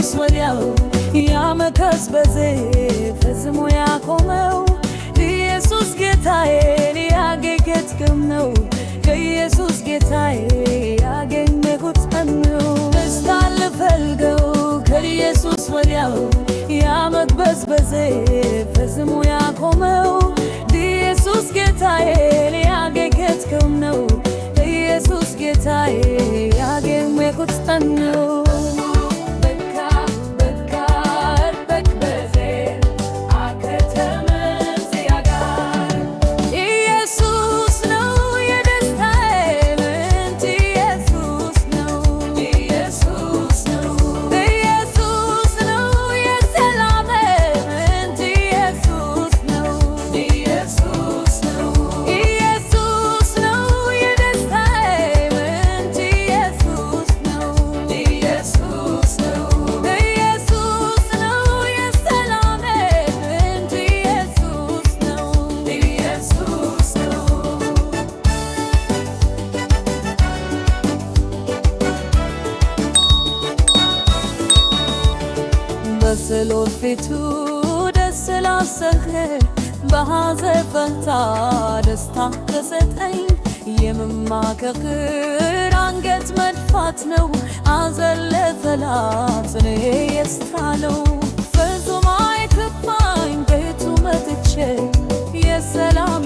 ኢየሱስ ወዲያው ያመከስ በዜ ፈጽሞ ያቆመው ኢየሱስ ጌታዬ ያገኘሁት ነው። ከኢየሱስ ጌታዬ ያገኘሁት ጥቅም ነው። ልፈልገው ከኢየሱስ ወዲያው ያመክበስ ፈጽሞ ያቆመው ኢየሱስ ጌታዬ ያገኘሁት ነው። ከኢየሱስ ጌታዬ ያገኘሁት ጥቅም በጸሎት ፊቱ ደስ ስላሰኘ በሐዘን ፈንታ ደስታ ተሰጠኝ። አንገት መድፋት ነው ሐዘን ለጠላት እኔ የስታ ነው። ፍጹም ቤቱ መጥቼ የሰላሙ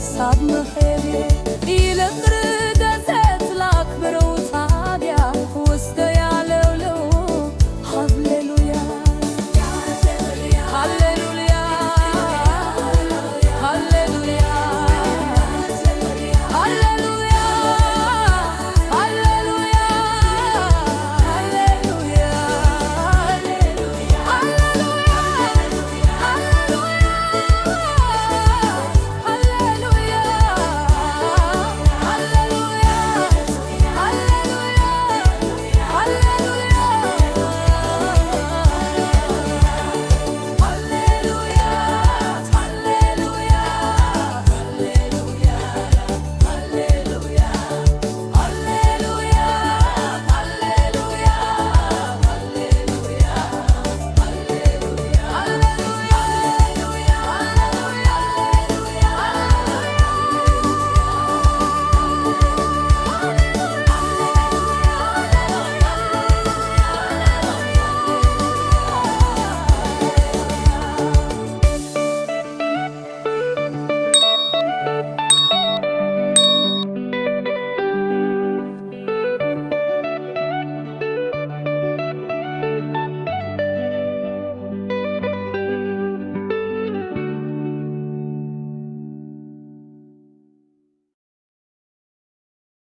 sadlı heri